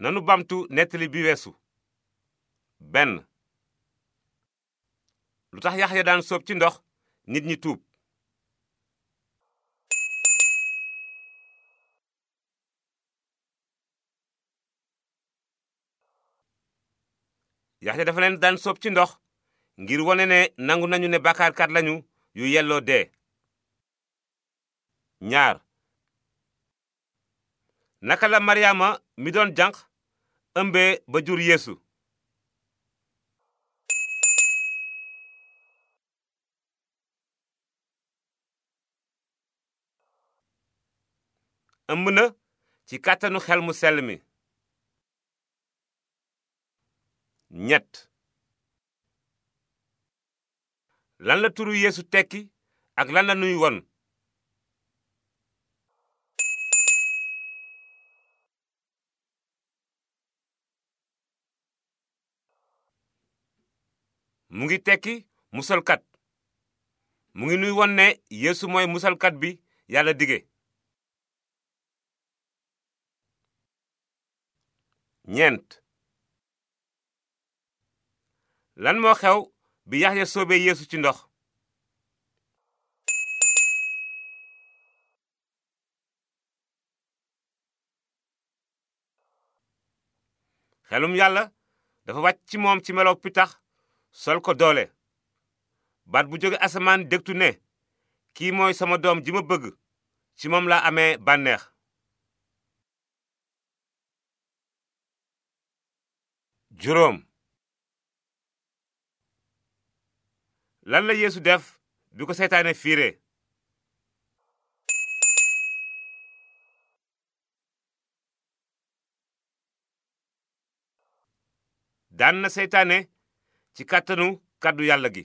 nanu bamtu nettali bi weesu benn lu tax Yaxya daan soob ci ndox nit ñi tuub Yaxya dafa leen daan soob ci ndox ngir wone ne nangu nañu ne bàkkaarkat lañu yu yelloo dee ñaar naka la Maryaama mi doon jànq ëmbee ba jur yeesu ëmb na ci kàttanu xel mu sel mi ñett lan la turu yéesu tekki ak lan la nuyu won mu ngi tekki musalkat mu ngi nuy won ne yeesu mooy musalkat bi yàlla dige ñeent lan moo xew bi yaxya soobee yeesu ci ndox xelum yàlla dafa wàcc ci moom ci melow pitax sol ko doole baat bu jóge asamaan dégtu ne kii mooy sama doom ji ma bëgg ci moom laa amee bànneex juróom lan la yeesu def bi ko seytaane fiire daan na seytaane ci kattanu kàddu yàlla gi